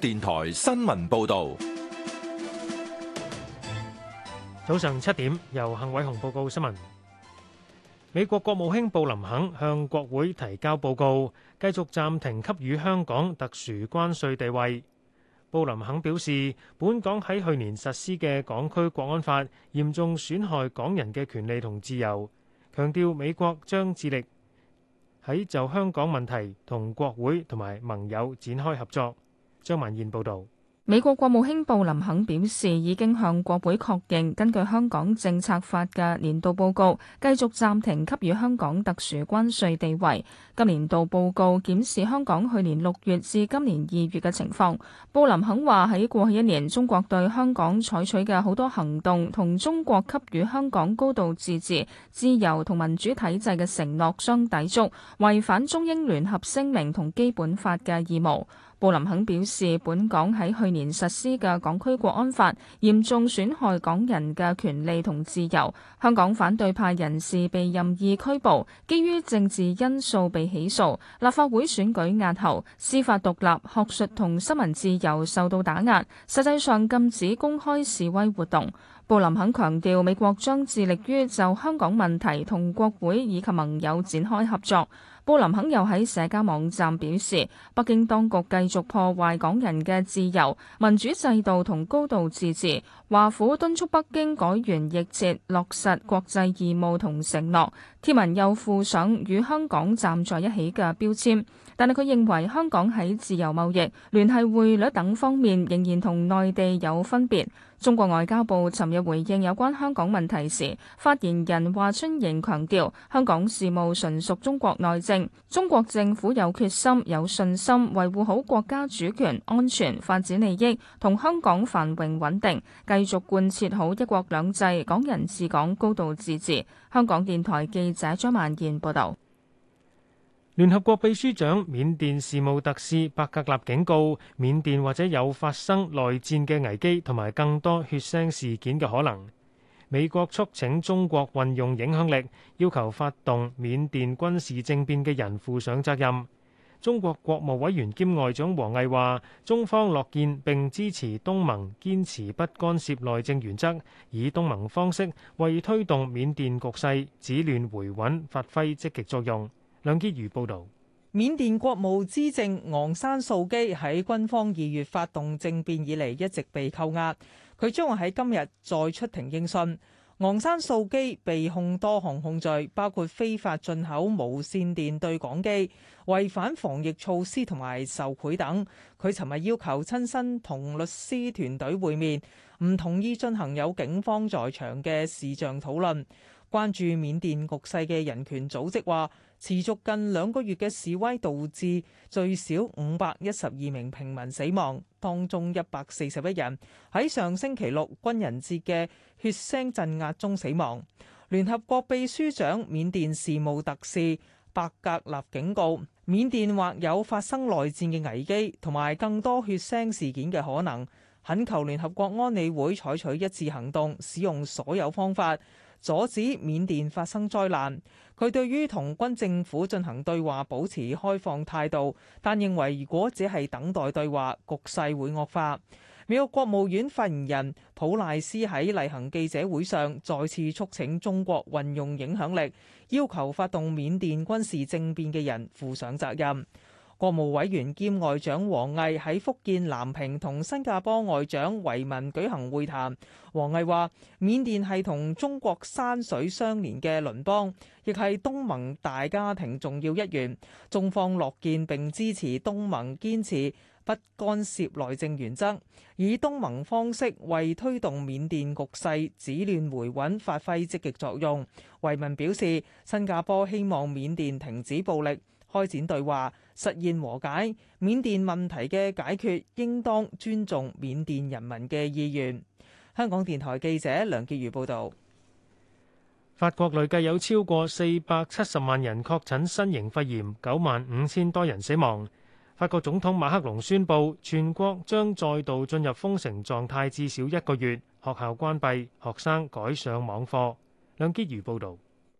電台新聞報道，早上七點由幸偉雄報告新聞。美國國務卿布林肯向國會提交報告，繼續暫停給予香港特殊關稅地位。布林肯表示，本港喺去年實施嘅港區國安法嚴重損害港人嘅權利同自由，強調美國將致力喺就香港問題同國會同埋盟友展開合作。張文燕報道，美國國務卿布林肯表示，已經向國會確認，根據香港政策法嘅年度報告，繼續暫停給予香港特殊關稅地位。今年度報告檢視香港去年六月至今年二月嘅情況。布林肯話喺過去一年，中國對香港採取嘅好多行動，同中國給予香港高度自治、自由同民主體制嘅承諾相抵觸，違反中英聯合聲明同基本法嘅義務。布林肯表示，本港喺去年實施嘅港區國安法嚴重損害港人嘅權利同自由，香港反對派人士被任意拘捕，基於政治因素被起訴，立法會選舉押後，司法獨立、學術同新聞自由受到打壓，實際上禁止公開示威活動。布林肯強調美國將致力於就香港問題同國會以及盟友展開合作。布林肯又喺社交網站表示，北京當局繼續破壞港人嘅自由、民主制度同高度自治，華府敦促北京改弦易轍，落實國際義務同承諾。貼文又附上與香港站在一起嘅標籤，但係佢認為香港喺自由貿易、聯繫匯率等方面仍然同內地有分別。中國外交部尋日回應有關香港問題時，發言人華春瑩強調，香港事務純屬中國內政，中國政府有決心、有信心維護好國家主權、安全、發展利益同香港繁榮穩定，繼續貫徹好一國兩制、港人治港、高度自治。香港電台記者張曼燕報道。聯合國秘書長、緬甸事務特使伯格納警告，緬甸或者有發生內戰嘅危機，同埋更多血腥事件嘅可能。美國促請中國運用影響力，要求發動緬甸軍事政變嘅人負上責任。中國國務委員兼外長王毅話：中方樂見並支持東盟堅持不干涉內政原則，以東盟方式為推動緬甸局勢止亂回穩發揮積極作用。梁潔如報道，緬甸國務資政昂山素基喺軍方二月發動政變以嚟，一直被扣押。佢將會喺今日再出庭應訊。昂山素基被控多項控罪，包括非法進口無線電對講機、違反防疫措施同埋受賄等。佢尋日要求親身同律師團隊會面，唔同意進行有警方在場嘅視像討論。關注緬甸局勢嘅人權組織話。持續近兩個月嘅示威導致最少五百一十二名平民死亡，當中一百四十一人喺上星期六軍人節嘅血腥鎮壓中死亡。聯合國秘書長緬甸事務特使白格納警告，緬甸或有發生內戰嘅危機，同埋更多血腥事件嘅可能。懇求聯合國安理會採取一致行動，使用所有方法阻止緬甸發生災難，佢對於同軍政府進行對話保持開放態度，但認為如果只係等待對話，局勢會惡化。美國國務院發言人普賴斯喺例行記者會上再次促請中國運用影響力，要求發動緬甸軍事政變嘅人負上責任。國務委員兼外長王毅喺福建南平同新加坡外長維文舉行會談。王毅話：緬甸係同中國山水相連嘅鄰邦，亦係東盟大家庭重要一員。中方樂見並支持東盟堅持不干涉內政原則，以東盟方式為推動緬甸局勢止亂回穩發揮積極作用。維文表示，新加坡希望緬甸停止暴力。開展對話，實現和解。緬甸問題嘅解決，應當尊重緬甸人民嘅意願。香港電台記者梁潔如報導。法國累計有超過四百七十萬人確診新型肺炎，九萬五千多人死亡。法國總統馬克龍宣布，全國將再度進入封城狀態，至少一個月，學校關閉，學生改上網課。梁潔如報導。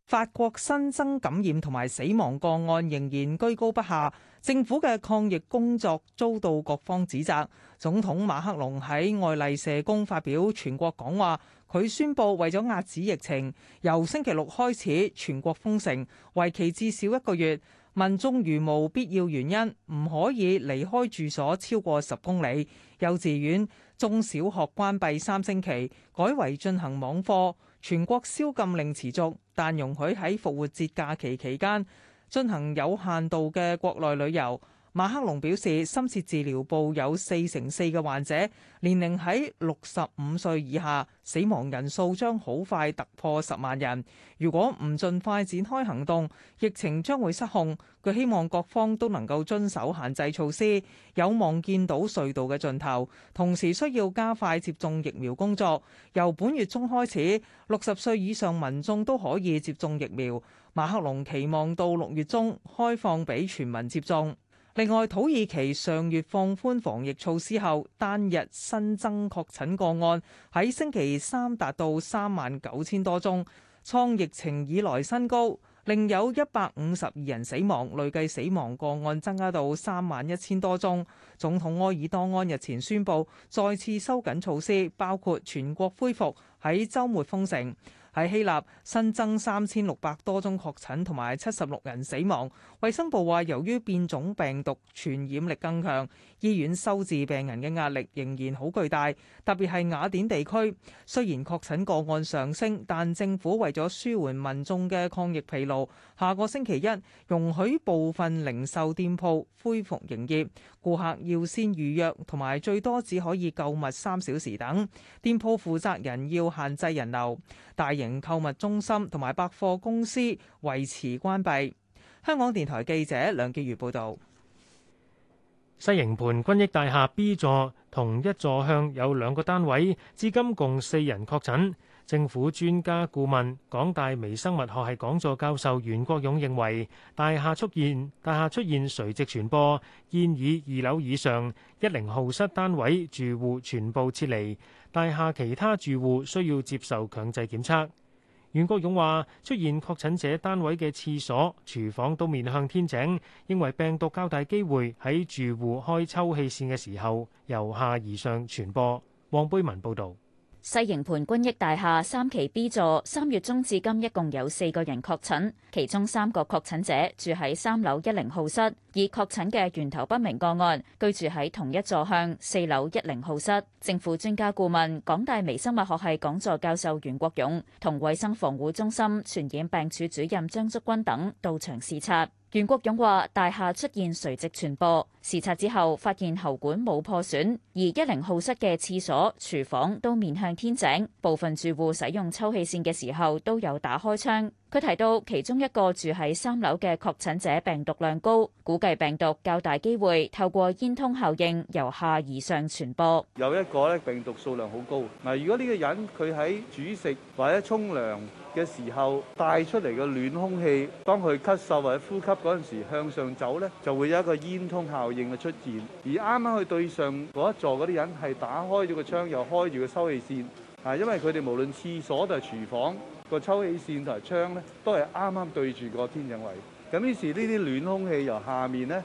法國新增感染同埋死亡個案仍然居高不下，政府嘅抗疫工作遭到各方指責。總統馬克龍喺愛麗舍宮發表全國講話，佢宣布為咗遏止疫情，由星期六開始全國封城，為期至少一個月。民眾如無必要原因唔可以離開住所超過十公里。幼稚園、中小學關閉三星期，改為進行網課。全國宵禁令持續。但容許喺復活節假期期間進行有限度嘅國內旅遊。馬克龍表示，深切治療部有四成四嘅患者年齡喺六十五歲以下，死亡人數將好快突破十萬人。如果唔盡快展開行動，疫情將會失控。佢希望各方都能夠遵守限制措施，有望見到隧道嘅盡頭。同時需要加快接種疫苗工作。由本月中開始，六十歲以上民眾都可以接種疫苗。馬克龍期望到六月中開放俾全民接種。另外，土耳其上月放寬防疫措施後，單日新增確診個案喺星期三達到三萬九千多宗，創疫情以來新高。另有一百五十二人死亡，累計死亡個案增加到三萬一千多宗。總統埃爾多安日前宣布再次收緊措施，包括全國恢復，喺周末封城。喺希臘新增三千六百多宗確診，同埋七十六人死亡。衛生部話，由於變種病毒傳染力更強，醫院收治病人嘅壓力仍然好巨大，特別係雅典地區。雖然確診個案上升，但政府為咗舒緩民眾嘅抗疫疲勞，下個星期一容許部分零售店鋪恢復營業，顧客要先預約，同埋最多只可以購物三小時等。店鋪負責人要限制人流，大型購物中心同埋百貨公司維持關閉。香港電台記者梁潔如報導。西營盤均益大廈 B 座同一座向有兩個單位，至今共四人確診。政府專家顧問、港大微生物學系講座教授袁國勇認為，大廈出現大廈出現垂直傳播，建議二樓以上一零號室單位住戶全部撤離，大廈其他住戶需要接受強制檢測。袁國勇話：出現確診者單位嘅廁所、廚房都面向天井，認為病毒較大機會喺住戶開抽氣扇嘅時候由下而上傳播。黃貝文報導。西營盤君益大廈三期 B 座三月中至今一共有四個人確診，其中三個確診者住喺三樓一零號室，以確診嘅源頭不明個案居住喺同一座向四樓一零號室。政府專家顧問、港大微生物學系講座教授袁國勇同衛生防護中心傳染病處主任張竹君等到場視察。袁國勇話：大廈出現垂直傳播，視察之後發現喉管冇破損，而一零號室嘅廁所、廚房都面向天井，部分住戶使用抽氣扇嘅時候都有打開窗。佢提到其中一個住喺三樓嘅確診者病毒量高，估計病毒較大機會透過煙囪效應由下而上傳播。有一個咧病毒數量好高，嗱，如果呢個人佢喺煮食或者沖涼。嘅時候帶出嚟嘅暖空氣，當佢咳嗽或者呼吸嗰陣時向上走呢就會有一個煙通效應嘅出現。而啱啱去對上嗰一座嗰啲人係打開咗個窗又開住個抽氣扇，啊，因為佢哋無論廁所就係廚房個抽氣扇同埋窗呢都係啱啱對住個天井位。咁於是呢啲暖空氣由下面呢。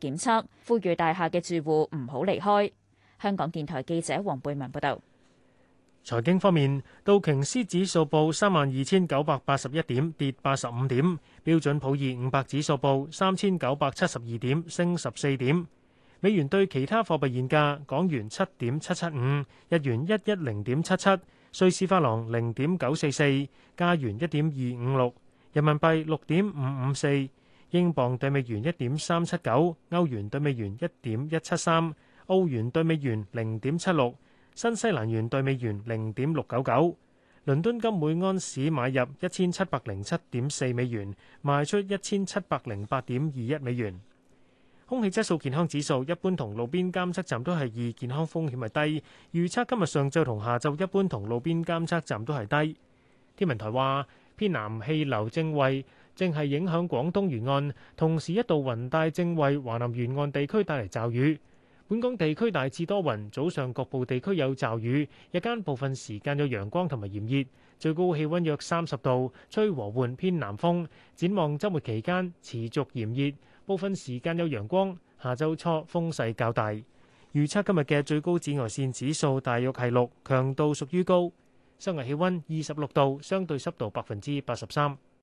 檢測，呼籲大廈嘅住戶唔好離開。香港電台記者黃貝文報道。財經方面，道瓊斯指數報三萬二千九百八十一點，跌八十五點；標準普爾五百指數報三千九百七十二點，升十四點。美元對其他貨幣現價：港元七點七七五，日元一一零點七七，瑞士法郎零點九四四，加元一點二五六，人民幣六點五五四。英鎊對美元一點三七九，歐元對美元一點一七三，澳元對美元零點七六，新西蘭元對美元零點六九九。倫敦金每安士買入一千七百零七點四美元，賣出一千七百零八點二一美元。空氣質素健康指數一般同路邊監測站都係二，健康風險係低，預測今日上晝同下晝一般同路邊監測站都係低。天文台話偏南氣流正為正係影響廣東沿岸，同時一道雲帶正為華南沿岸地區帶嚟驟雨。本港地區大致多雲，早上局部地區有驟雨，日間部分時間有陽光同埋炎熱，最高氣温約三十度，吹和緩偏南風。展望周末期間持續炎熱，部分時間有陽光，下週初風勢較大。預測今日嘅最高紫外線指數大約係六，強度屬於高。室外氣温二十六度，相對濕度百分之八十三。